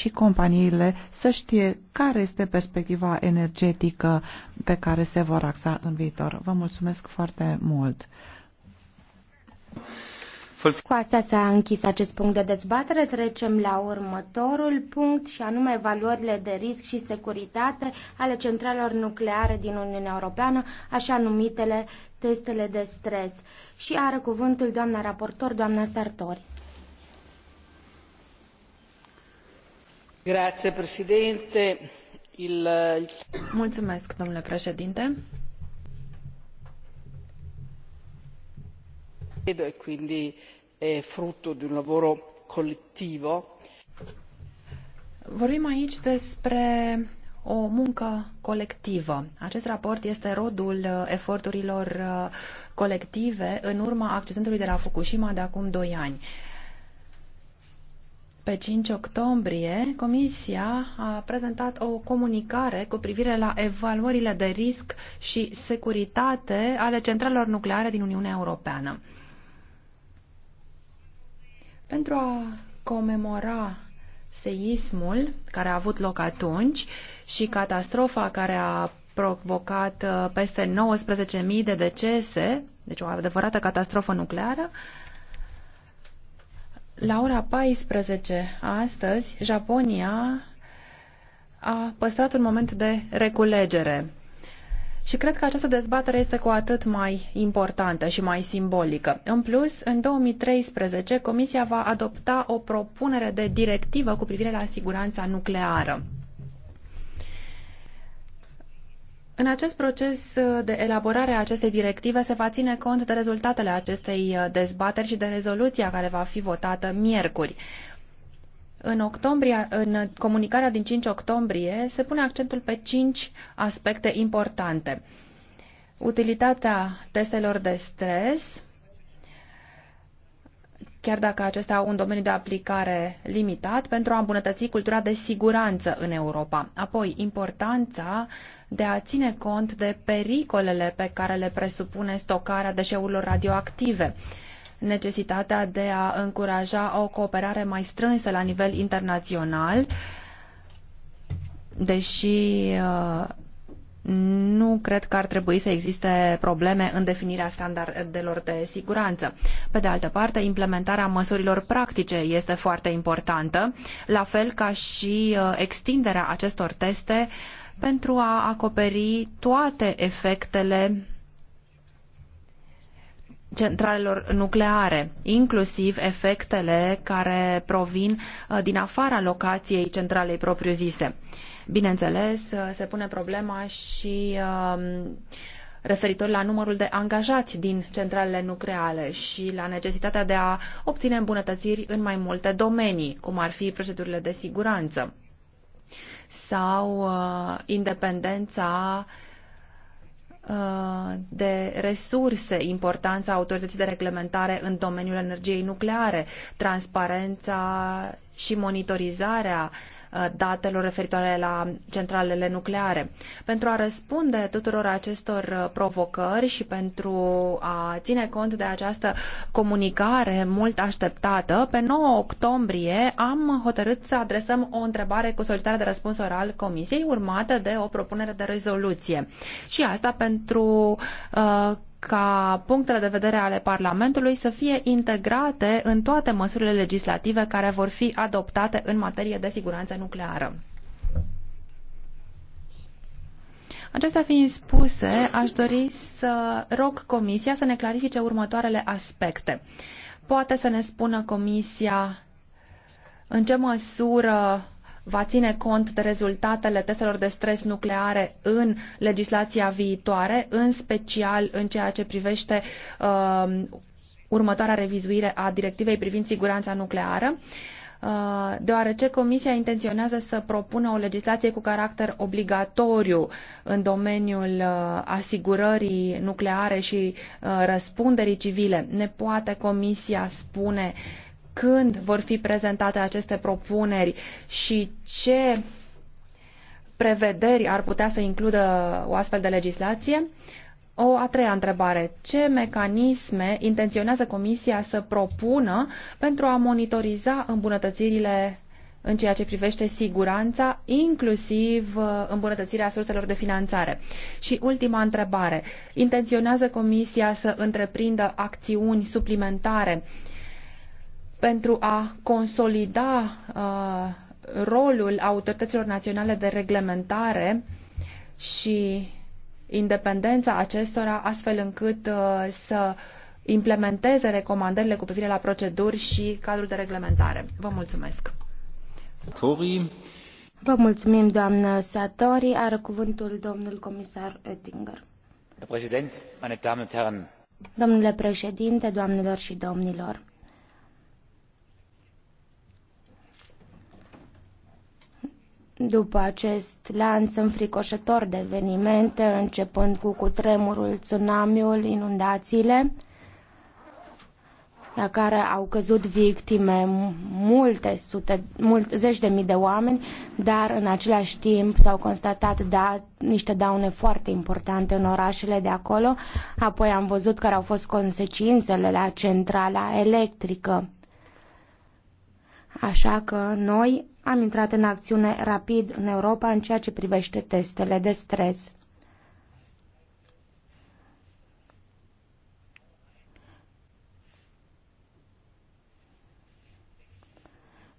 și companiile să știe care este perspectiva energetică pe care se vor axa în viitor. Vă mulțumesc foarte mult! Cu asta s-a închis acest punct de dezbatere. Trecem la următorul punct și anume valorile de risc și securitate ale centralelor nucleare din Uniunea Europeană, așa numitele testele de stres. Și are cuvântul doamna raportor, doamna Sartori. Grazie, președinte. Il... Mulțumesc, domnule președinte. Credo e quindi è frutto di un lavoro collettivo. Vorbim aici despre o muncă colectivă. Acest raport este rodul eforturilor colective în urma accidentului de la Fukushima de acum doi ani. Pe 5 octombrie, Comisia a prezentat o comunicare cu privire la evaluările de risc și securitate ale centralelor nucleare din Uniunea Europeană. Pentru a comemora seismul care a avut loc atunci și catastrofa care a provocat uh, peste 19.000 de decese, deci o adevărată catastrofă nucleară, la ora 14 astăzi, Japonia a păstrat un moment de reculegere. Și cred că această dezbatere este cu atât mai importantă și mai simbolică. În plus, în 2013, Comisia va adopta o propunere de directivă cu privire la siguranța nucleară. În acest proces uh, de elaborare a acestei directive se va ține cont de rezultatele acestei uh, dezbateri și de rezoluția care va fi votată miercuri. În, octombrie, în comunicarea din 5 octombrie se pune accentul pe cinci aspecte importante. Utilitatea testelor de stres, chiar dacă acestea au un domeniu de aplicare limitat, pentru a îmbunătăți cultura de siguranță în Europa. Apoi, importanța de a ține cont de pericolele pe care le presupune stocarea deșeurilor radioactive necesitatea de a încuraja o cooperare mai strânsă la nivel internațional, deși uh, nu cred că ar trebui să existe probleme în definirea standardelor de siguranță. Pe de altă parte, implementarea măsurilor practice este foarte importantă, la fel ca și uh, extinderea acestor teste pentru a acoperi toate efectele centralelor nucleare, inclusiv efectele care provin uh, din afara locației centralei propriu-zise. Bineînțeles, se pune problema și um, referitor la numărul de angajați din centralele nucleare și la necesitatea de a obține îmbunătățiri în mai multe domenii, cum ar fi procedurile de siguranță sau uh, independența uh, de resurse, importanța autorității de reglementare în domeniul energiei nucleare, transparența și monitorizarea uh, Uh, datelor referitoare la centralele nucleare. Pentru a răspunde tuturor acestor uh, provocări și pentru a ține cont de această comunicare mult așteptată, pe 9 octombrie am hotărât să adresăm o întrebare cu solicitare de răspuns oral Comisiei, urmată de o propunere de rezoluție. Și asta pentru uh, ca punctele de vedere ale Parlamentului să fie integrate în toate măsurile legislative care vor fi adoptate în materie de siguranță nucleară. Acestea fiind spuse, aș dori să rog Comisia să ne clarifice următoarele aspecte. Poate să ne spună Comisia în ce măsură va ține cont de rezultatele testelor de stres nucleare în legislația viitoare, în special în ceea ce privește uh, următoarea revizuire a directivei privind siguranța nucleară. Uh, deoarece Comisia intenționează să propună o legislație cu caracter obligatoriu în domeniul uh, asigurării nucleare și uh, răspunderii civile. Ne poate Comisia spune când vor fi prezentate aceste propuneri și ce prevederi ar putea să includă o astfel de legislație? O a treia întrebare. Ce mecanisme intenționează Comisia să propună pentru a monitoriza îmbunătățirile în ceea ce privește siguranța, inclusiv uh, îmbunătățirea surselor de finanțare. Și ultima întrebare. Intenționează Comisia să întreprindă acțiuni suplimentare uh, pentru a consolida uh, rolul autorităților naționale de reglementare și independența acestora, astfel încât uh, să implementeze recomandările cu privire la proceduri și cadrul de reglementare. Vă mulțumesc! Tori. Vă mulțumim, doamnă Satori. Are cuvântul domnul comisar Oettinger. Domnule președinte, doamnelor și domnilor, După acest lanț înfricoșător de evenimente, începând cu cutremurul, tsunamiul, inundațiile, la care au căzut victime multe sute, mult, zeci de mii de oameni, dar în același timp s-au constatat da, niște daune foarte importante în orașele de acolo. Apoi am văzut care au fost consecințele la centrala electrică. Așa că noi am intrat în acțiune rapid în Europa în ceea ce privește testele de stres.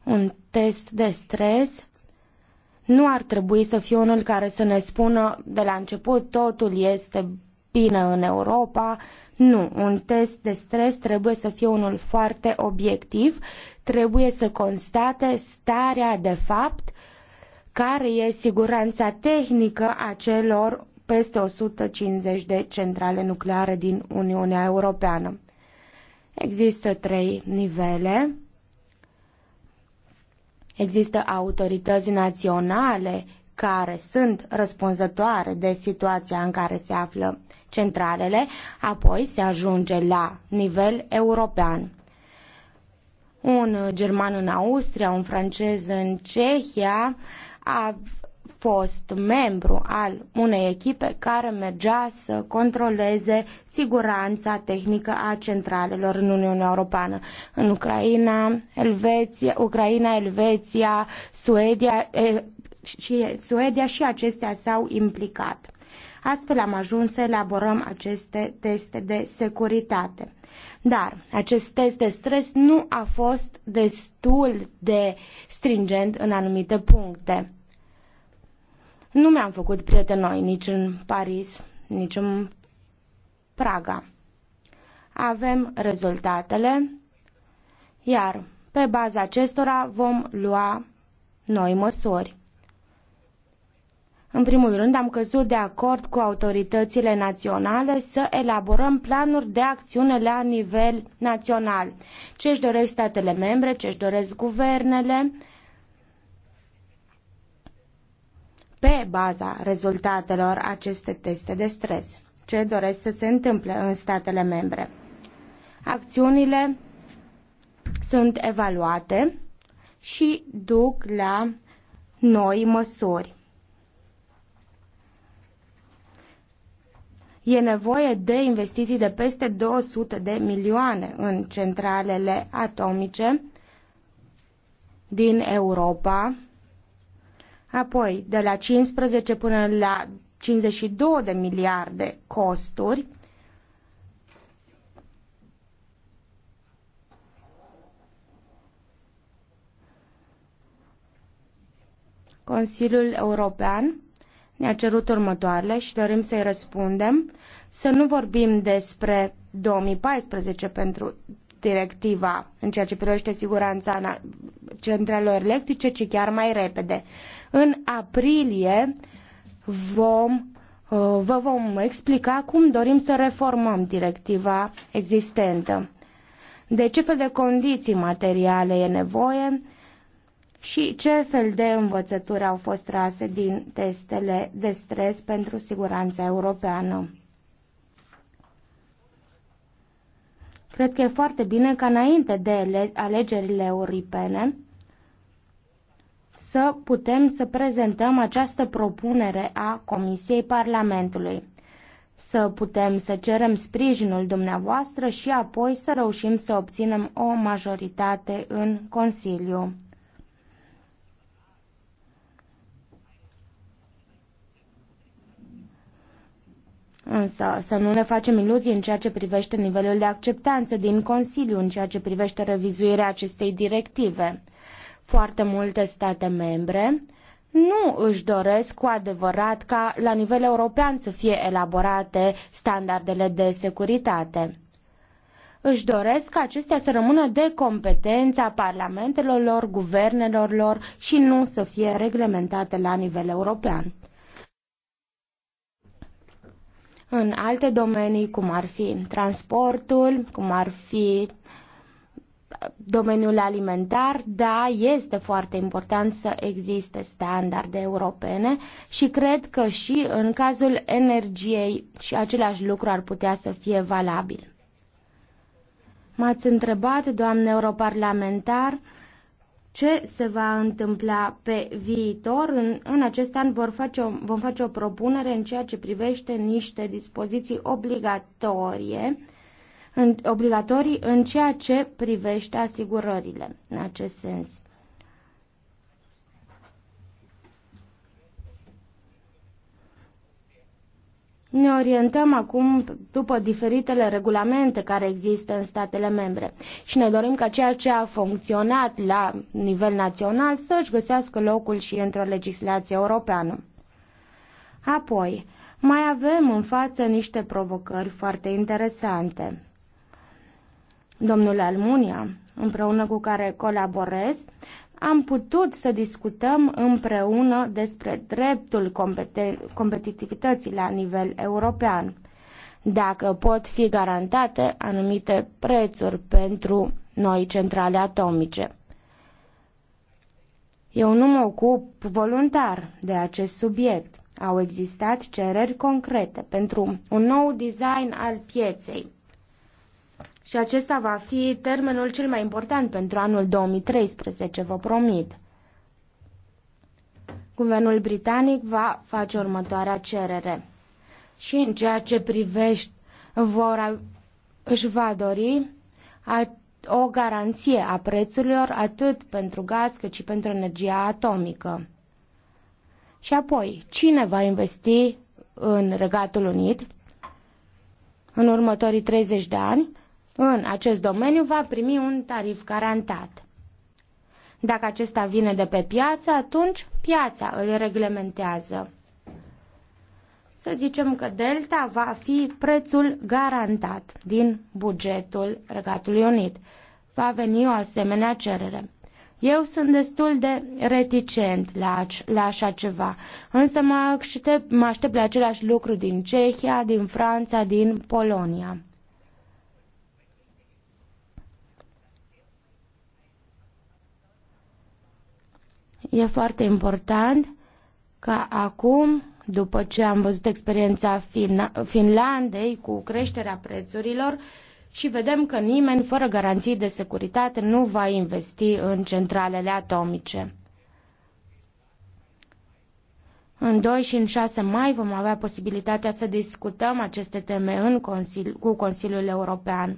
Un test de stres nu ar trebui să fie unul care să ne spună de la început totul este bine în Europa. Nu, un test de stres trebuie să fie unul foarte obiectiv, trebuie să constate starea de fapt, care e siguranța tehnică a celor peste 150 de centrale nucleare din Uniunea Europeană. Există trei nivele. Există autorități naționale care sunt răspunzătoare de situația în care se află centralele, apoi se ajunge la nivel european. Un german în Austria, un francez în Cehia a fost membru al unei echipe care mergea să controleze siguranța tehnică a centralelor în Uniunea Europeană. În Ucraina, Elveția, Ucraina, Elveția, Suedia, e, și Suedia și acestea s-au implicat. Astfel am ajuns să elaborăm aceste teste de securitate. Dar acest test de stres nu a fost destul de stringent în anumite puncte. Nu mi-am făcut prieteni noi nici în Paris, nici în Praga. Avem rezultatele, iar pe baza acestora vom lua noi măsuri. În primul rând, am căzut de acord cu autoritățile naționale să elaborăm planuri de acțiune la nivel național. Ce își doresc statele membre, ce își doresc guvernele, pe baza rezultatelor aceste teste de stres. Ce doresc să se întâmple în statele membre. Acțiunile sunt evaluate și duc la noi măsuri. E nevoie de investiții de peste 200 de milioane în centralele atomice din Europa, apoi de la 15 până la 52 de miliarde costuri, Consiliul European ne-a cerut următoarele și dorim să-i răspundem. Să nu vorbim despre 2014 pentru directiva în ceea ce privește siguranța centralelor electrice, ci chiar mai repede. În aprilie vom, uh, vă vom explica cum dorim să reformăm directiva existentă. De ce fel de condiții materiale e nevoie, și ce fel de învățături au fost trase din testele de stres pentru siguranța europeană. Cred că e foarte bine ca înainte de alegerile europene să putem să prezentăm această propunere a Comisiei Parlamentului, să putem să cerem sprijinul dumneavoastră și apoi să reușim să obținem o majoritate în Consiliu. Însă să nu ne facem iluzii în ceea ce privește nivelul de acceptanță din Consiliu în ceea ce privește revizuirea acestei directive. Foarte multe state membre nu își doresc cu adevărat ca la nivel european să fie elaborate standardele de securitate. Își doresc ca acestea să rămână de competența parlamentelor lor, guvernelor lor și nu să fie reglementate la nivel european. În alte domenii, cum ar fi transportul, cum ar fi domeniul alimentar, da, este foarte important să existe standarde europene și cred că și în cazul energiei și același lucru ar putea să fie valabil. M-ați întrebat, doamne europarlamentar, ce se va întâmpla pe viitor. În, în acest an vor face o, vom face o propunere în ceea ce privește niște dispoziții obligatorie, în, obligatorii în ceea ce privește asigurările în acest sens. Ne orientăm acum după diferitele regulamente care există în statele membre și ne dorim ca ceea ce a funcționat la nivel național să-și găsească locul și într-o legislație europeană. Apoi, mai avem în față niște provocări foarte interesante. Domnul Almunia, împreună cu care colaborez, am putut să discutăm împreună despre dreptul competitivității la nivel european, dacă pot fi garantate anumite prețuri pentru noi centrale atomice. Eu nu mă ocup voluntar de acest subiect. Au existat cereri concrete pentru un nou design al pieței și acesta va fi termenul cel mai important pentru anul 2013, vă promit. Guvernul britanic va face următoarea cerere. Și în ceea ce privește, vor, își va dori a, o garanție a prețurilor atât pentru gaz cât și pentru energia atomică. Și apoi, cine va investi în Regatul Unit în următorii 30 de ani? în acest domeniu va primi un tarif garantat. Dacă acesta vine de pe piață, atunci piața îl reglementează. Să zicem că delta va fi prețul garantat din bugetul Regatului Unit. Va veni o asemenea cerere. Eu sunt destul de reticent la, la așa ceva, însă mă aștept, mă aștept la același lucru din Cehia, din Franța, din Polonia. E foarte important ca acum, după ce am văzut experiența Fin- Finlandei cu creșterea prețurilor, și vedem că nimeni fără garanții de securitate nu va investi în centralele atomice. În 2 și în 6 mai vom avea posibilitatea să discutăm aceste teme în Consili- cu Consiliul European.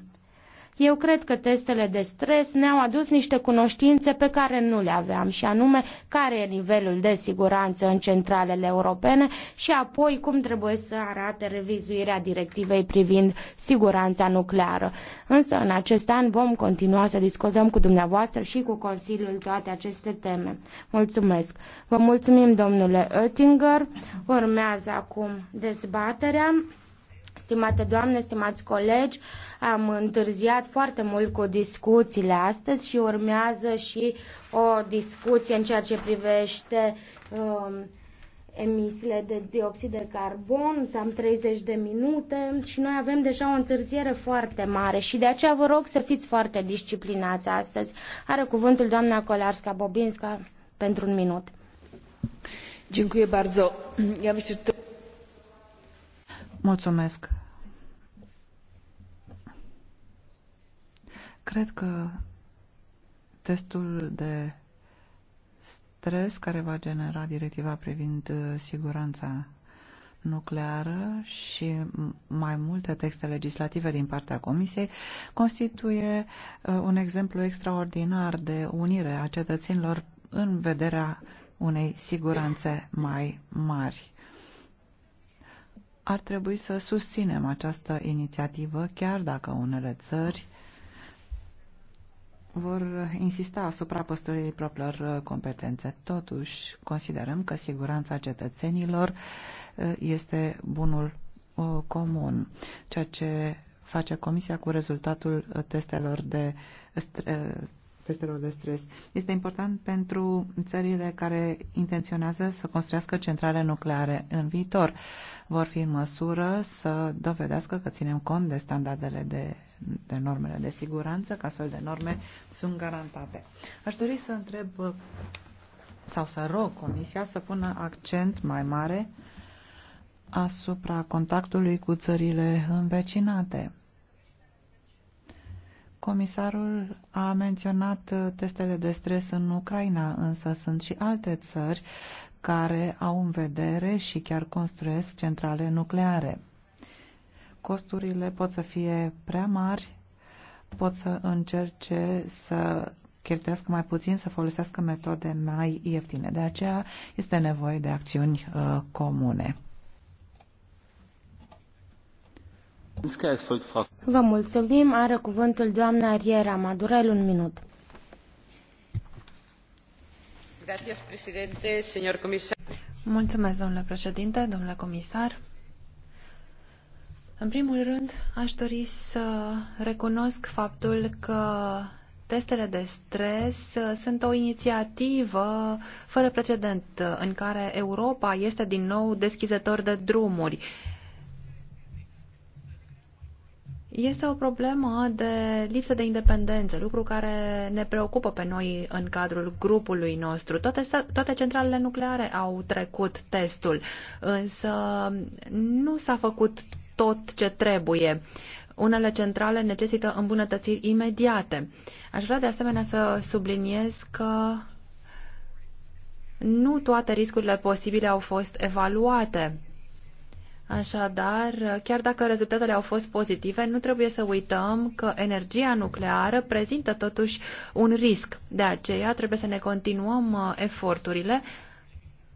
Eu cred că testele de stres ne-au adus niște cunoștințe pe care nu le aveam și anume care e nivelul de siguranță în centralele europene și apoi cum trebuie să arate revizuirea directivei privind siguranța nucleară. Însă în acest an vom continua să discutăm cu dumneavoastră și cu Consiliul toate aceste teme. Mulțumesc! Vă mulțumim, domnule Oettinger. Urmează acum dezbaterea. Stimate doamne, stimați colegi, am întârziat foarte mult cu discuțiile astăzi și urmează și o discuție în ceea ce privește um, emisiile de dioxid de carbon, am 30 de minute și noi avem deja o întârziere foarte mare și de aceea vă rog să fiți foarte disciplinați astăzi. Are cuvântul doamna Colarska bobinska pentru un minut. Dziękuję bardzo. Ja myślę, że Mulțumesc. Cred că testul de stres care va genera directiva privind uh, siguranța nucleară și mai multe texte legislative din partea Comisiei constituie uh, un exemplu extraordinar de unire a cetățenilor în vederea unei siguranțe mai mari ar trebui să susținem această inițiativă, chiar dacă unele țări vor insista asupra păstrării propriilor uh, competențe. Totuși, considerăm că siguranța cetățenilor uh, este bunul uh, comun, ceea ce face Comisia cu rezultatul testelor de testelor de stres. Este important pentru țările care intenționează să construiască centrale nucleare în viitor. Vor fi în măsură să dovedească că ținem cont de standardele de, de normele de siguranță, că astfel de norme sunt garantate. Aș dori să întreb sau să rog Comisia să pună accent mai mare asupra contactului cu țările învecinate Comisarul a menționat uh, testele de stres în Ucraina, însă sunt și alte țări care au în vedere și chiar construiesc centrale nucleare. Costurile pot să fie prea mari, pot să încerce să cheltuiască mai puțin, să folosească metode mai ieftine. De aceea este nevoie de acțiuni uh, comune. Vă mulțumim. Are cuvântul doamna Ariera Madurel, un minut. Mulțumesc, domnule președinte, domnule comisar. În primul rând, aș dori să recunosc faptul că testele de stres sunt o inițiativă fără precedent în care Europa este din nou deschizător de drumuri este o problemă de lipsă de independență, lucru care ne preocupă pe noi în cadrul grupului nostru. Toate, toate centralele nucleare au trecut testul, însă nu s-a făcut tot ce trebuie. Unele centrale necesită îmbunătățiri imediate. Aș vrea de asemenea să subliniez că nu toate riscurile posibile au fost evaluate Așadar, chiar dacă rezultatele au fost pozitive, nu trebuie să uităm că energia nucleară prezintă totuși un risc. De aceea trebuie să ne continuăm uh, eforturile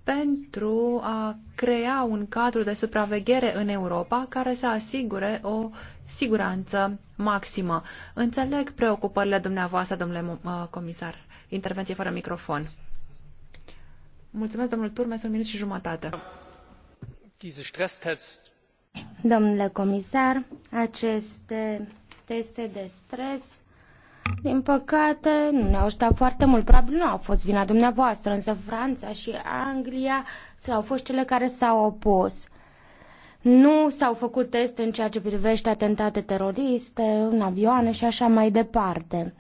pentru a crea un cadru de supraveghere în Europa care să asigure o siguranță maximă. Înțeleg preocupările dumneavoastră, domnule uh, comisar. Intervenție fără microfon. Mulțumesc, domnul Turmes, un minut și jumătate. Domnule comisar, aceste teste de stres din păcate, nu ne-au ajutat foarte mult. Probabil nu a fost vina dumneavoastră, însă Franța și Anglia au fost cele care s-au opus. Nu s-au făcut teste în ceea ce privește atentate teroriste, în avioane și așa mai departe.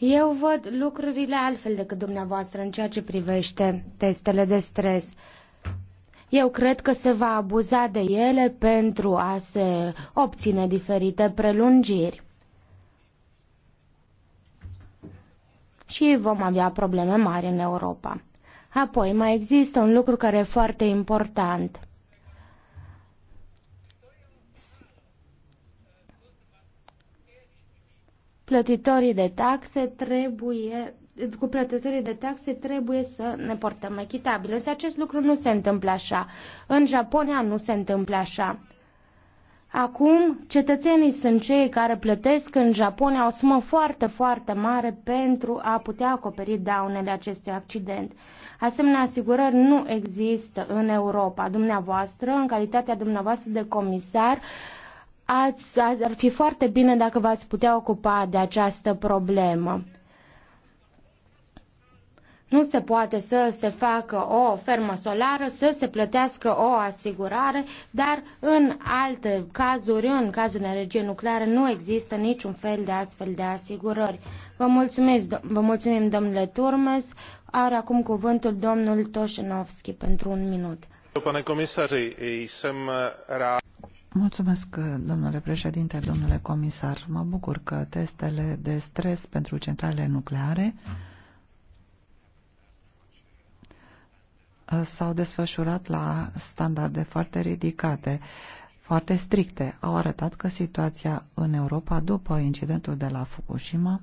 Eu văd lucrurile altfel decât dumneavoastră în ceea ce privește testele de stres. Eu cred că se va abuza de ele pentru a se obține diferite prelungiri. Și vom avea probleme mari în Europa. Apoi, mai există un lucru care e foarte important – plătitorii de taxe trebuie cu plătitorii de taxe trebuie să ne portăm echitabil. Însă acest lucru nu se întâmplă așa. În Japonia nu se întâmplă așa. Acum, cetățenii sunt cei care plătesc în Japonia o sumă foarte, foarte mare pentru a putea acoperi daunele acestui accident. Asemenea asigurări nu există în Europa. Dumneavoastră, în calitatea dumneavoastră de comisar, uh, ați, ar fi foarte bine dacă v-ați putea ocupa de această problemă. Nu se poate să se facă o fermă solară, să se plătească o asigurare, dar în alte cazuri, în cazul energiei nucleare, nu există niciun fel de astfel de asigurări. Vă, mulțumesc, vă mulțumim, domnule Turmes. Are acum cuvântul domnul Toșenovski pentru un minut. Pane comisari, jsem rád. Mulțumesc, domnule președinte, domnule comisar. Mă bucur că testele de stres pentru centrale nucleare s-au desfășurat la standarde foarte ridicate, foarte stricte. Au arătat că situația în Europa după incidentul de la Fukushima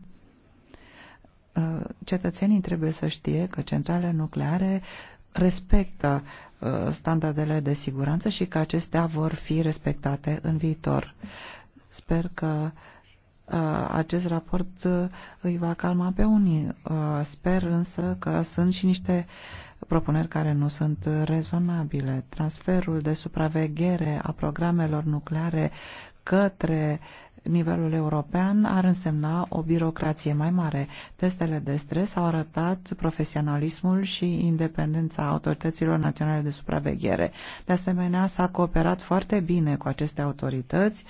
cetățenii trebuie să știe că centralele nucleare respectă Uh, standardele de siguranță și că acestea vor fi respectate în viitor. Sper că uh, acest raport uh, îi va calma pe unii. Sper însă că sunt și niște propuneri care nu sunt rezonabile. Transferul de supraveghere a programelor nucleare către nivelul european ar însemna o birocrație mai mare. Testele de stres au arătat profesionalismul și independența autorităților naționale de supraveghere. De asemenea, s-a cooperat foarte bine cu aceste autorități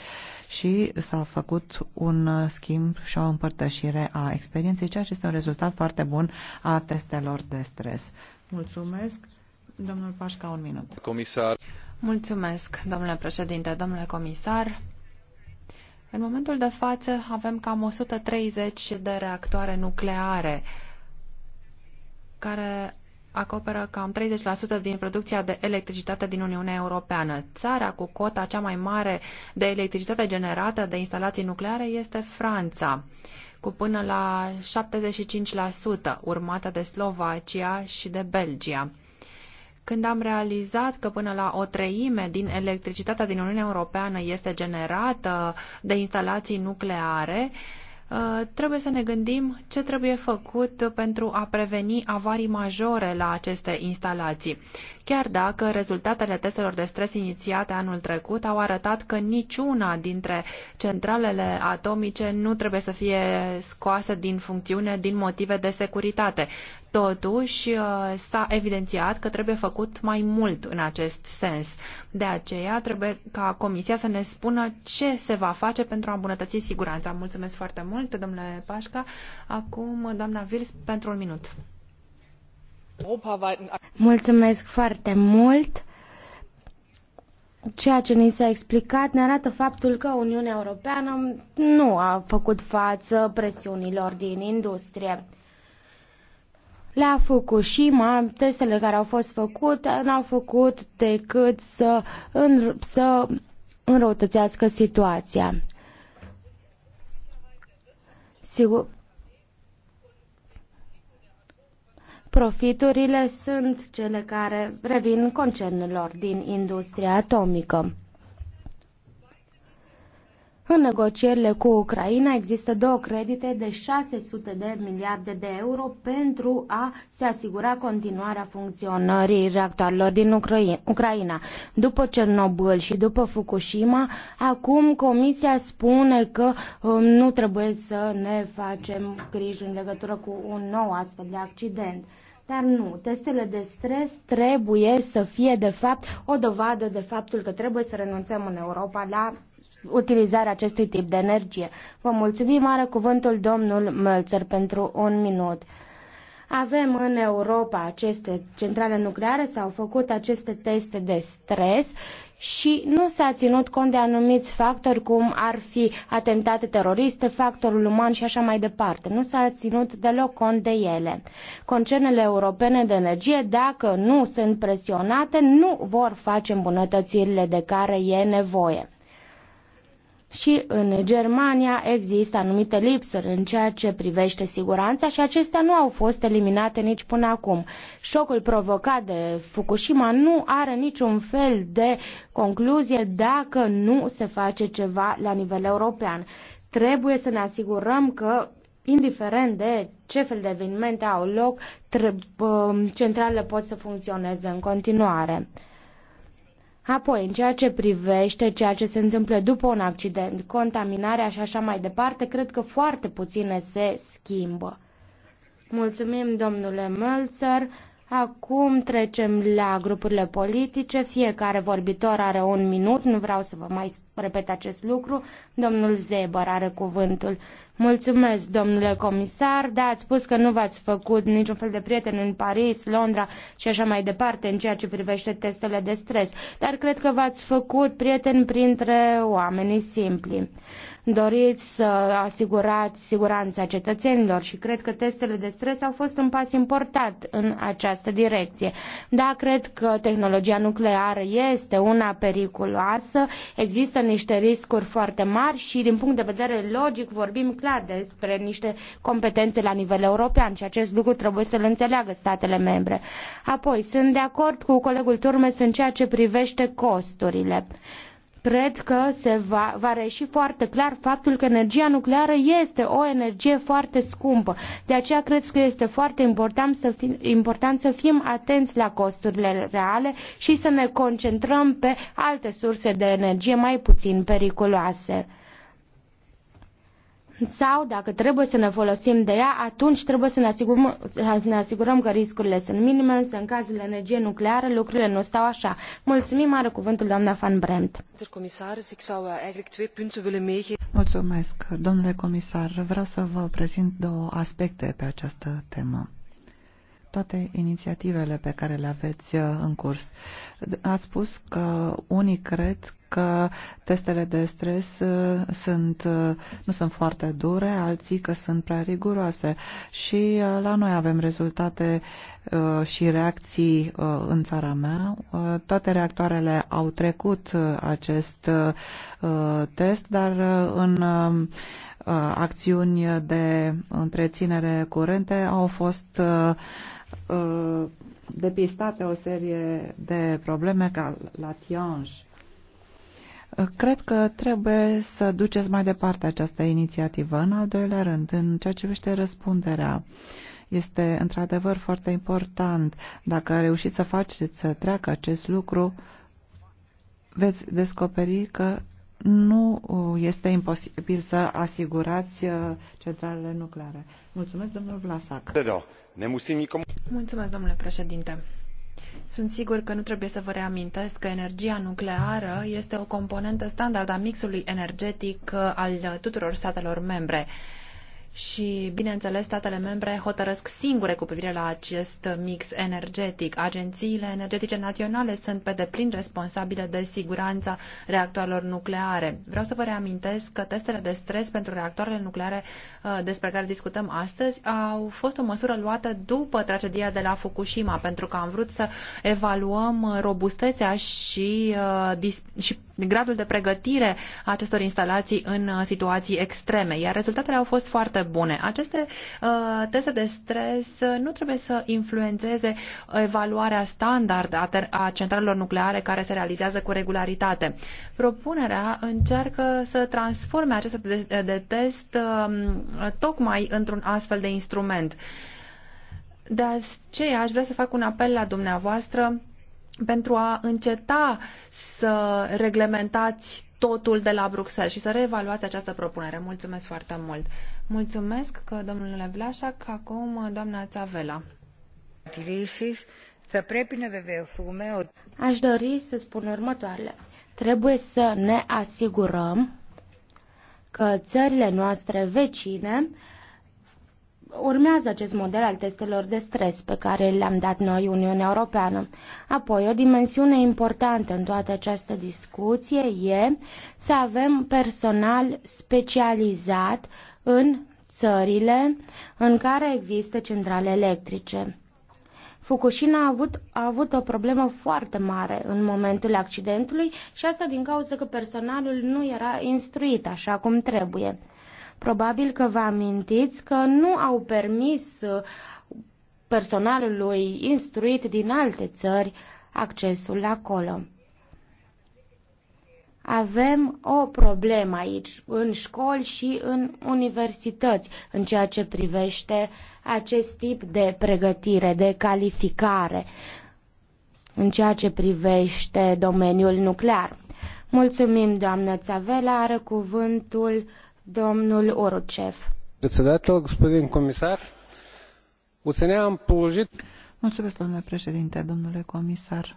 și s-a făcut un schimb și o împărtășire a experienței, ceea ce este un rezultat foarte bun a testelor de stres. Mulțumesc. Domnul Pașca, un minut. Comisar. Mulțumesc, domnule președinte, domnule comisar. În momentul de față avem cam 130 de reactoare nucleare care acoperă cam 30% din producția de electricitate din Uniunea Europeană. Țara cu cota cea mai mare de electricitate generată de instalații nucleare este Franța, cu până la 75%, urmată de Slovacia și de Belgia. Când am realizat că până la o treime din electricitatea din Uniunea Europeană este generată de instalații nucleare, uh, trebuie să ne gândim ce trebuie făcut pentru a preveni avarii majore la aceste instalații chiar dacă rezultatele testelor de stres inițiate anul trecut au arătat că niciuna dintre centralele atomice nu trebuie să fie scoasă din funcțiune din motive de securitate. Totuși, uh, s-a evidențiat că trebuie făcut mai mult în acest sens. De aceea, trebuie ca Comisia să ne spună ce se va face pentru a îmbunătăți siguranța. Mulțumesc foarte mult, domnule Pașca. Acum, doamna Vils, pentru un minut. Mulțumesc foarte mult! Ceea ce ni s-a explicat ne arată faptul că Uniunea Europeană nu a făcut față presiunilor din industrie. La Fukushima, testele care au fost făcute n-au făcut decât să, în, să înrăutățească situația. Sigur, Profiturile sunt cele care revin concernelor din industria atomică. În negocierile cu Ucraina există două credite de 600 de miliarde de euro pentru a se asigura continuarea funcționării reactoarelor din Ucraina. După Cernobâl și după Fukushima, acum Comisia spune că um, nu trebuie să ne facem griji în legătură cu un nou astfel de accident. Dar nu, testele de stres trebuie să fie, de fapt, o dovadă de faptul că trebuie să renunțăm în Europa la utilizarea acestui tip de energie. Vă mulțumim, are cuvântul domnul Mölzer pentru un minut. Avem în Europa aceste centrale nucleare, s-au făcut aceste teste de stres și nu s-a ținut cont de anumiți factori, cum ar fi atentate teroriste, factorul uman și așa mai departe. Nu s-a ținut deloc cont de ele. Concernele europene de energie, dacă nu sunt presionate, nu vor face îmbunătățirile de care e nevoie și în Germania există anumite lipsuri în ceea ce privește siguranța și acestea nu au fost eliminate nici până acum. Șocul provocat de Fukushima nu are niciun fel de concluzie dacă nu se face ceva la nivel european. Trebuie să ne asigurăm că indiferent de ce fel de evenimente au loc, ă, centralele pot să funcționeze în continuare. Apoi, în ceea ce privește ceea ce se întâmplă după un accident, contaminarea și așa mai departe, cred că foarte puține se schimbă. Mulțumim, domnule Mălțăr. Acum trecem la grupurile politice. Fiecare vorbitor are un minut. Nu vreau să vă mai repet acest lucru. Domnul Zeber are cuvântul. Mulțumesc, domnule comisar. Da, ați spus că nu v-ați făcut niciun fel de prieten în Paris, Londra și așa mai departe în ceea ce privește testele de stres, dar cred că v-ați făcut prieten printre oamenii simpli. Doriți să asigurați siguranța cetățenilor și cred că testele de stres au fost un pas important în această direcție. Da, cred că tehnologia nucleară este una periculoasă, există niște riscuri foarte mari și din punct de vedere logic vorbim clar despre niște competențe la nivel european și acest lucru trebuie să-l înțeleagă statele membre. Apoi, sunt de acord cu colegul Turmes în ceea ce privește costurile cred că se va, va reși foarte clar faptul că energia nucleară este o energie foarte scumpă. De aceea cred că este foarte important să, fi, important să fim atenți la costurile reale și să ne concentrăm pe alte surse de energie mai puțin periculoase sau dacă trebuie să ne folosim de ea, atunci trebuie să ne asigurăm, să ne asigurăm că riscurile sunt minime, însă în cazul energiei nucleare lucrurile nu stau așa. Mulțumim, are cuvântul doamna Van Bremt. Uh, Mulțumesc, domnule comisar. Vreau să vă prezint două aspecte pe această temă toate inițiativele pe care le aveți uh, în curs. Ați spus că unii cred că testele de stres uh, sunt, uh, nu sunt foarte dure, alții că sunt prea riguroase. Și uh, la noi avem rezultate și reacții în țara mea. Toate reactoarele au trecut acest test, dar în um, acțiuni de întreținere curente au fost depistate o serie de probleme ca la Tianj Cred că trebuie să duceți mai departe această inițiativă. În al doilea rând, în ceea ce privește răspunderea, este într-adevăr foarte important. Dacă reușiți să faceți să treacă acest lucru, veți descoperi că nu uh, este imposibil să asigurați uh, centralele nucleare. Mulțumesc, domnul Vlasac. Mulțumesc, domnule președinte. Sunt sigur că nu trebuie să vă reamintesc că energia nucleară este o componentă standard a mixului energetic uh, al tuturor statelor membre și, bineînțeles, statele membre hotărăsc singure cu privire la acest mix energetic. Agențiile energetice naționale sunt pe deplin responsabile de siguranța reactoarelor nucleare. Vreau să vă reamintesc că testele de stres pentru reactoarele nucleare uh, despre care discutăm astăzi au fost o măsură luată după tragedia de la Fukushima, pentru că am vrut să evaluăm robustețea și, uh, și gradul de pregătire a acestor instalații în uh, situații extreme, iar rezultatele au fost foarte bune. Aceste uh, teste de stres uh, nu trebuie să influențeze evaluarea standard a, a centralelor nucleare care se realizează cu regularitate. Propunerea încearcă să transforme aceste de, de test uh, tocmai într-un astfel de instrument. De aceea aș vrea să fac un apel la dumneavoastră pentru a înceta să reglementați totul de la Bruxelles și să reevaluați această propunere. Mulțumesc foarte mult. Mulțumesc că domnule Vlașac, acum doamna Țavela. Aș dori să spun următoarele. Trebuie să ne asigurăm că țările noastre vecine urmează acest model al testelor de stres pe care le-am dat noi Uniunea Europeană. Apoi, o dimensiune importantă în toată această discuție e să avem personal specializat în țările în care există centrale electrice. Fukushima a avut, a avut o problemă foarte mare în momentul accidentului și asta din cauza că personalul nu era instruit așa cum trebuie. Probabil că vă amintiți că nu au permis uh, personalului instruit din alte țări accesul acolo. Avem o problemă aici, în școli și în universități, în ceea ce privește acest tip de pregătire, de calificare, în ceea ce privește domeniul nuclear. Mulțumim, doamnă Țavela, are cuvântul domnul Urucev. Председател, господин comisar, оценявам положително. Mulțumesc, domnule președinte, domnule comisar.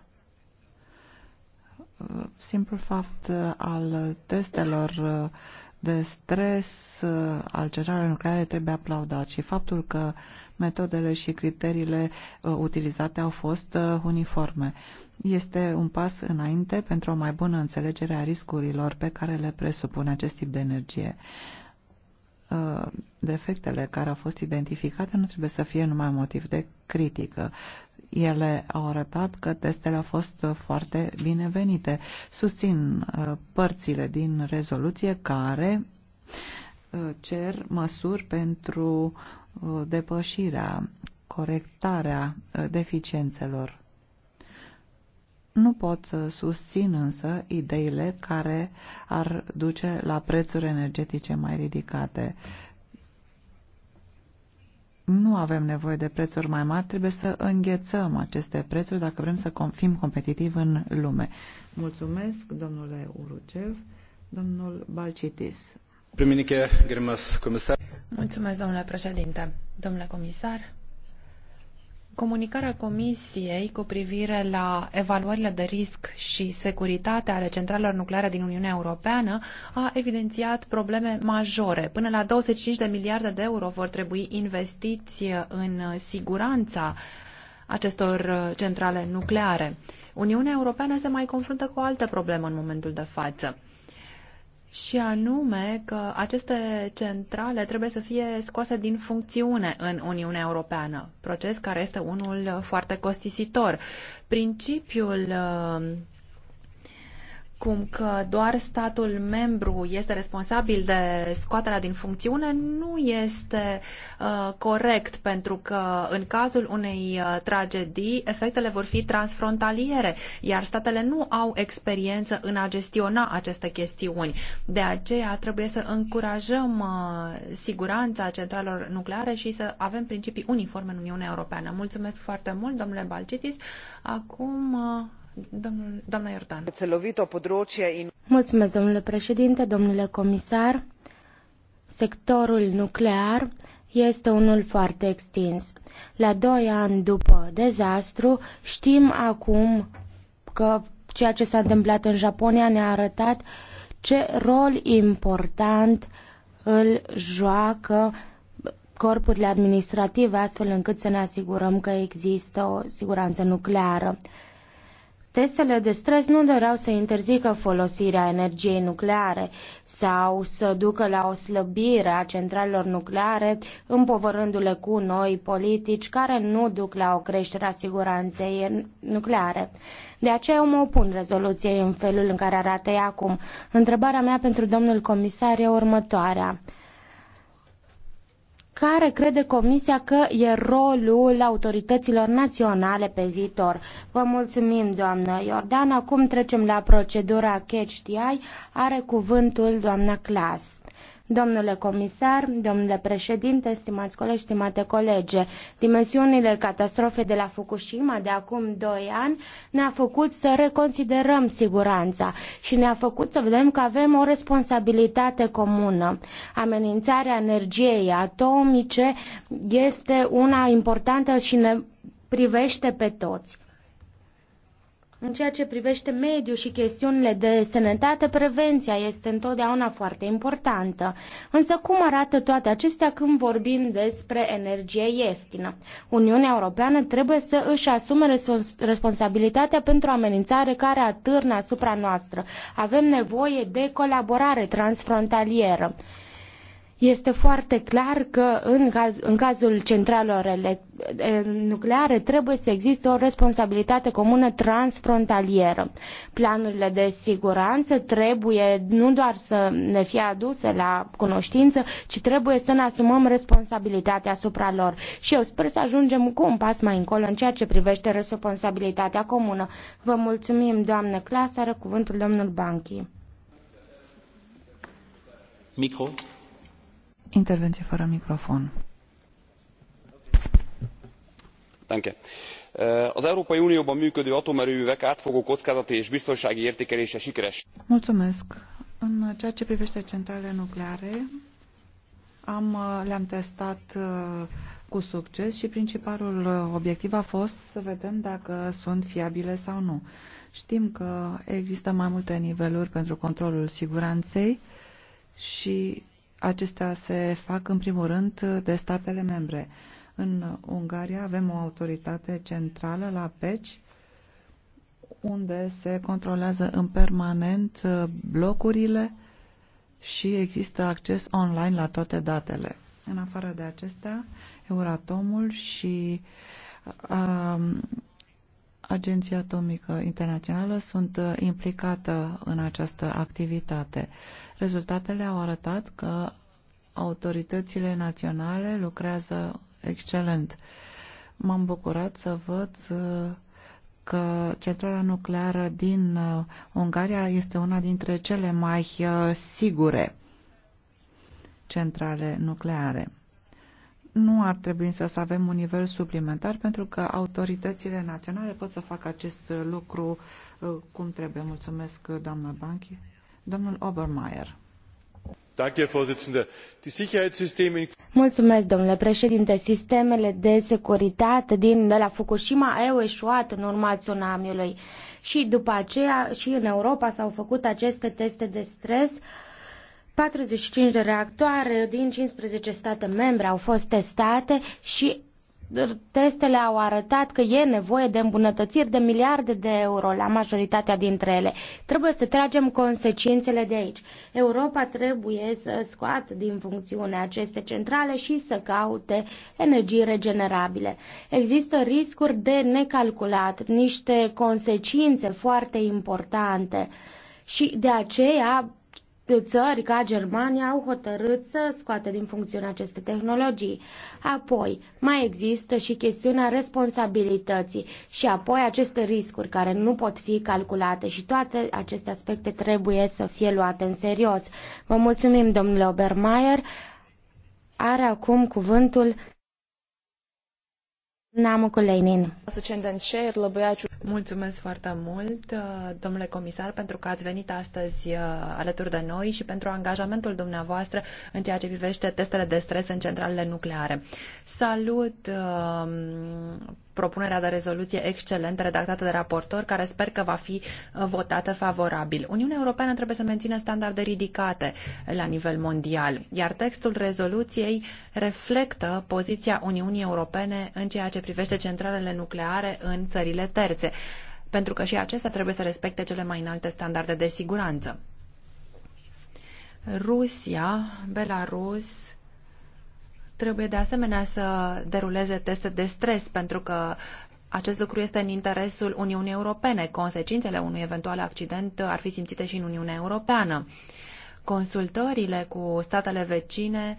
Simplul fapt uh, al testelor uh, de stres uh, al centralelor nucleare trebuie aplaudat și faptul că metodele și criteriile utilizate au fost uniforme. Este un pas înainte pentru o mai bună înțelegere a riscurilor pe care le presupune acest tip de energie. Uh, defectele care au fost identificate nu trebuie să fie numai motiv de critică. Ele au arătat că testele au fost foarte binevenite. Susțin uh, părțile din rezoluție care uh, cer măsuri pentru depășirea, corectarea deficiențelor nu pot să susțin însă ideile care ar duce la prețuri energetice mai ridicate. Nu avem nevoie de prețuri mai mari, trebuie să înghețăm aceste prețuri dacă vrem să fim competitivi în lume. Mulțumesc, domnule Urucev. Domnul Balcitis. Mulțumesc, domnule președinte. Domnule comisar, Comunicarea Comisiei cu privire la evaluările de risc și securitate ale centralelor nucleare din Uniunea Europeană a evidențiat probleme majore. Până la 25 de miliarde de euro vor trebui investiți în siguranța acestor centrale nucleare. Uniunea Europeană se mai confruntă cu o altă problemă în momentul de față și anume că aceste centrale trebuie să fie scoase din funcțiune în Uniunea Europeană, proces care este unul foarte costisitor. Principiul uh, cum că doar statul membru este responsabil de scoaterea din funcțiune nu este uh, corect, pentru că în cazul unei uh, tragedii efectele vor fi transfrontaliere, iar statele nu au experiență în a gestiona aceste chestiuni. De aceea trebuie să încurajăm uh, siguranța centralelor nucleare și să avem principii uniforme în Uniunea Europeană. Mulțumesc foarte mult, domnule Balcitis. Acum uh, Mulțumesc, domnule președinte, domnule comisar. Sectorul nuclear este unul foarte extins. La doi ani după dezastru, știm acum că ceea ce s-a întâmplat în Japonia ne-a arătat ce rol important îl joacă corpurile administrative, astfel încât să ne asigurăm că există o siguranță nucleară. Testele de stres nu doreau să interzică folosirea energiei nucleare sau să ducă la o slăbire a centralelor nucleare, împovărându-le cu noi politici care nu duc la o creștere a siguranței nucleare. De aceea eu mă opun rezoluției în felul în care arată ea acum. Întrebarea mea pentru domnul comisar e următoarea care crede Comisia că e rolul autorităților naționale pe viitor. Vă mulțumim, doamnă Iordan. Acum trecem la procedura Catch Are cuvântul doamna Clas. Domnule comisar, domnule președinte, stimați colegi, stimate colege, dimensiunile catastrofei de la Fukushima de acum 2 ani ne-a făcut să reconsiderăm siguranța și ne-a făcut să vedem că avem o responsabilitate comună. Amenințarea energiei atomice este una importantă și ne privește pe toți. În ceea ce privește mediul și chestiunile de sănătate, prevenția este întotdeauna foarte importantă. Însă cum arată toate acestea când vorbim despre energie ieftină? Uniunea Europeană trebuie să își asume responsabilitatea pentru amenințare care atârnă asupra noastră. Avem nevoie de colaborare transfrontalieră. Este foarte clar că în, caz, în cazul centralelor nucleare trebuie să existe o responsabilitate comună transfrontalieră. Planurile de siguranță trebuie nu doar să ne fie aduse la cunoștință, ci trebuie să ne asumăm responsabilitatea asupra lor. Și eu sper să ajungem cu un pas mai încolo în ceea ce privește responsabilitatea comună. Vă mulțumim, doamnă Clasară, cuvântul domnul Banchi. Micro. Intervenție fără microfon. Danke. Äh, az Európai Unióban működő atomerőművek átfogó kockázati és biztonsági értékelése sikeres. Mulțumesc. În ceea ce privește centrale nucleare, am, uh, le-am testat uh, cu succes și principalul uh, obiectiv a fost să vedem dacă sunt fiabile sau nu. Știm că există mai multe niveluri pentru controlul siguranței și acestea se fac în primul rând de statele membre. În Ungaria avem o autoritate centrală la PECI unde se controlează în permanent uh, blocurile și există acces online la toate datele. În afară de acestea, Euratomul și uh, Agenția Atomică Internațională sunt uh, implicată în această activitate. Rezultatele au arătat că autoritățile naționale lucrează excelent. M-am bucurat să văd uh, că centrala nucleară din uh, Ungaria este una dintre cele mai sigure centrale nucleare nu ar trebui însă să avem un nivel suplimentar pentru că autoritățile naționale pot să facă acest lucru uh, cum trebuie. Mulțumesc, uh, doamna Banchi. Domnul Obermeier. Mulțumesc, domnule președinte. Sistemele de securitate din, de la Fukushima au eșuat în urma tsunamiului și după aceea și în Europa s-au făcut aceste teste de stres uh, 45 de reactoare din 15 state membre au fost testate și testele au arătat că e nevoie de îmbunătățiri de miliarde de euro la majoritatea dintre ele. Trebuie să tragem consecințele de aici. Europa trebuie să scoată din funcțiune aceste centrale și să caute energii regenerabile. Există riscuri de necalculat, niște consecințe foarte importante și de aceea țări ca Germania au hotărât să scoată din funcțiune aceste tehnologii. Apoi, mai există și chestiunea responsabilității și apoi aceste riscuri care nu pot fi calculate și toate aceste aspecte trebuie să fie luate în serios. Vă mulțumim, domnule Obermeier. Are acum cuvântul Mulțumesc foarte mult, domnule comisar, pentru că ați venit astăzi uh, alături de noi și pentru angajamentul dumneavoastră în ceea ce privește testele de stres în centralele nucleare. Salut uh, propunerea de rezoluție excelentă redactată de raportor, care sper că va fi uh, votată favorabil. Uniunea Europeană trebuie să mențină standarde ridicate la nivel mondial, iar textul rezoluției reflectă poziția Uniunii Europene în ceea ce privește centralele nucleare în țările terțe, pentru că și acestea trebuie să respecte cele mai înalte standarde de siguranță. Rusia, Belarus, Trebuie de asemenea să deruleze teste de stres, pentru că acest lucru este în interesul Uniunii Europene. Consecințele unui eventual accident ar fi simțite și în Uniunea Europeană. Consultările cu statele vecine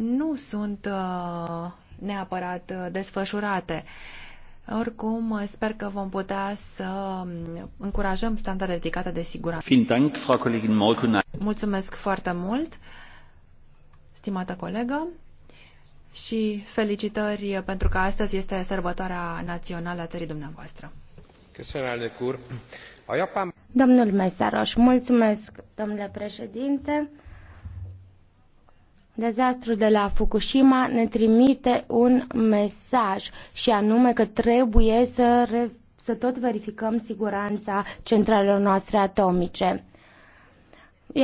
nu sunt uh, neapărat uh, desfășurate. Oricum, sper că vom putea să um, încurajăm standarde dedicate de siguranță. Mulțumesc foarte mult, stimată colegă și felicitări pentru că astăzi este sărbătoarea națională a țării dumneavoastră. Domnul Mesaroș, mulțumesc, domnule președinte. Dezastrul de la Fukushima ne trimite un mesaj și anume că trebuie să, re- să tot verificăm siguranța centralelor noastre atomice.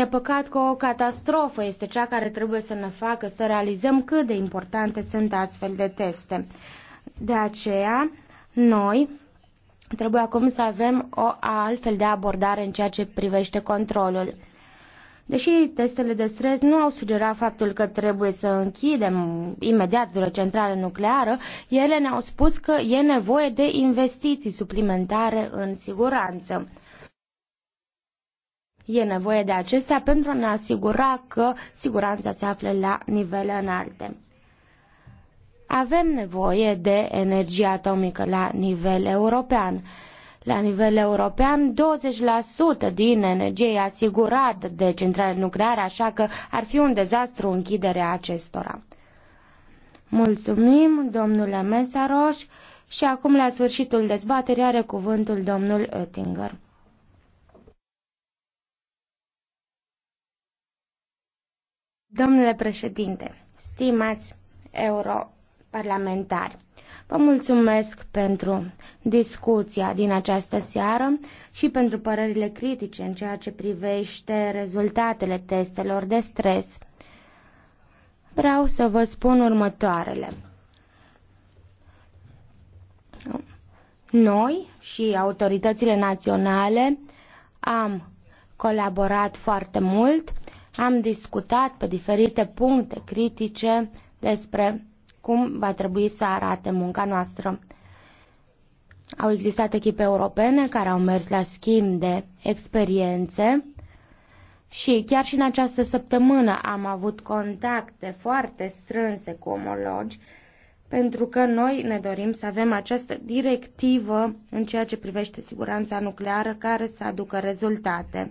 E păcat că o catastrofă este cea care trebuie să ne facă să realizăm cât de importante sunt astfel de teste. De aceea, noi trebuie acum să avem o altfel de abordare în ceea ce privește controlul. Deși testele de stres nu au sugerat faptul că trebuie să închidem imediat vreo centrală nucleară, ele ne-au spus că e nevoie de investiții suplimentare în siguranță. E nevoie de acestea pentru a ne asigura că siguranța se află la nivele înalte. Avem nevoie de energie atomică la nivel european. La nivel european, 20% din energie e asigurată de centrale nucleare, așa că ar fi un dezastru închiderea acestora. Mulțumim, domnule Mesaroș, și acum, la sfârșitul dezbaterii, are cuvântul domnul Oettinger. Domnule președinte, stimați europarlamentari, vă mulțumesc pentru discuția din această seară și pentru părerile critice în ceea ce privește rezultatele testelor de stres. Vreau să vă spun următoarele. Noi și autoritățile naționale am colaborat foarte mult am discutat pe diferite puncte critice despre cum va trebui să arate munca noastră. Au existat echipe europene care au mers la schimb de experiențe și chiar și în această săptămână am avut contacte foarte strânse cu omologi pentru că noi ne dorim să avem această directivă în ceea ce privește siguranța nucleară care să aducă rezultate.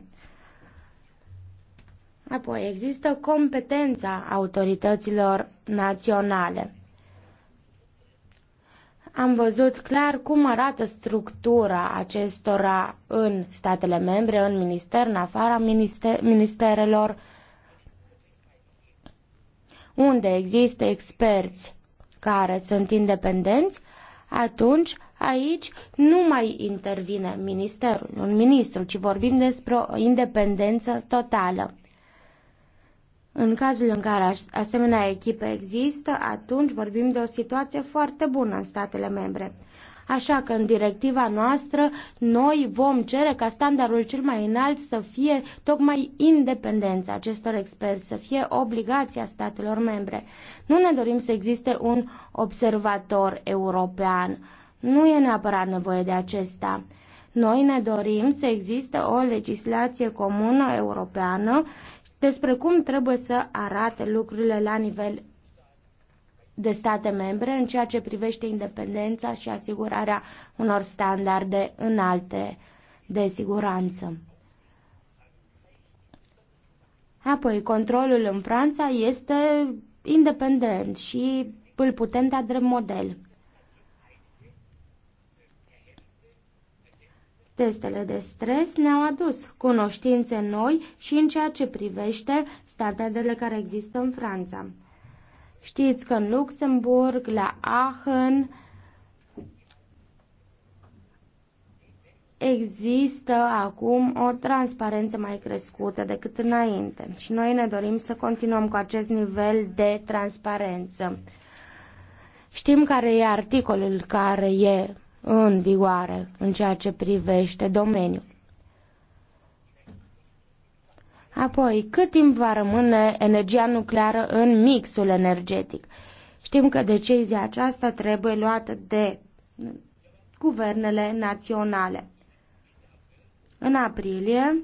Apoi există competența autorităților naționale. Am văzut clar cum arată structura acestora în statele membre, în minister, în afara minister, ministerelor, unde există experți care sunt independenți, atunci aici nu mai intervine ministerul, un ministru, ci vorbim despre o independență totală. În cazul în care asemenea echipe există, atunci vorbim de o situație foarte bună în statele membre. Așa că în directiva noastră noi vom cere ca standardul cel mai înalt să fie tocmai independența acestor experți, să fie obligația statelor membre. Nu ne dorim să existe un observator european. Nu e neapărat nevoie de acesta. Noi ne dorim să existe o legislație comună europeană despre cum trebuie să arate lucrurile la nivel de state membre în ceea ce privește independența și asigurarea unor standarde înalte de siguranță. Apoi, controlul în Franța este independent și îl putem da drept model. Testele de stres ne-au adus cunoștințe noi și în ceea ce privește standardele care există în Franța. Știți că în Luxemburg, la Aachen, există acum o transparență mai crescută decât înainte și noi ne dorim să continuăm cu acest nivel de transparență. Știm care e articolul care e în vigoare în ceea ce privește domeniul. Apoi, cât timp va rămâne energia nucleară în mixul energetic? Știm că decizia aceasta trebuie luată de guvernele naționale. În aprilie,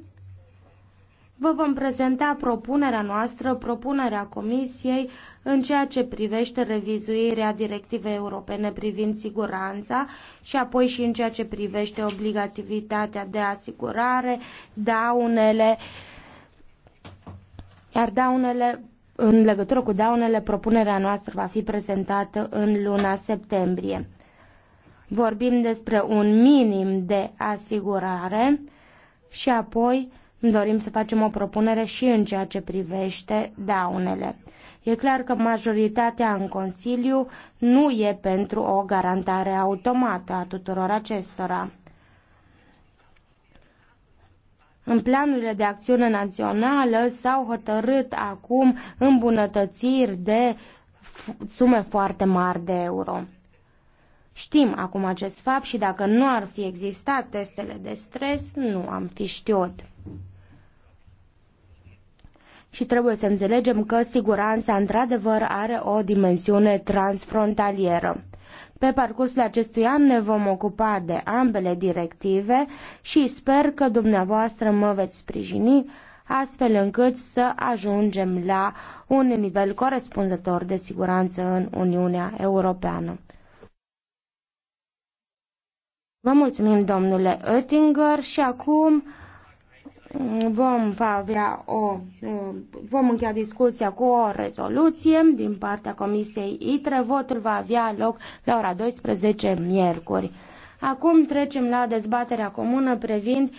Vă vom prezenta propunerea noastră, propunerea Comisiei în ceea ce privește revizuirea directivei europene privind siguranța și apoi și în ceea ce privește obligativitatea de asigurare, daunele, iar daunele în legătură cu daunele, propunerea noastră va fi prezentată în luna septembrie. Vorbim despre un minim de asigurare și apoi Dorim să facem o propunere și în ceea ce privește daunele. E clar că majoritatea în Consiliu nu e pentru o garantare automată a tuturor acestora. În planurile de acțiune națională s-au hotărât acum îmbunătățiri de sume foarte mari de euro. Știm acum acest fapt și dacă nu ar fi existat testele de stres, nu am fi știut și trebuie să înțelegem că siguranța într-adevăr are o dimensiune transfrontalieră. Pe parcursul acestui an ne vom ocupa de ambele directive și sper că dumneavoastră mă veți sprijini astfel încât să ajungem la un nivel corespunzător de siguranță în Uniunea Europeană. Vă mulțumim, domnule Oettinger, și acum vom avea o, vom încheia discuția cu o rezoluție din partea Comisiei ITRE. Votul va avea loc la ora 12 miercuri. Acum trecem la dezbaterea comună privind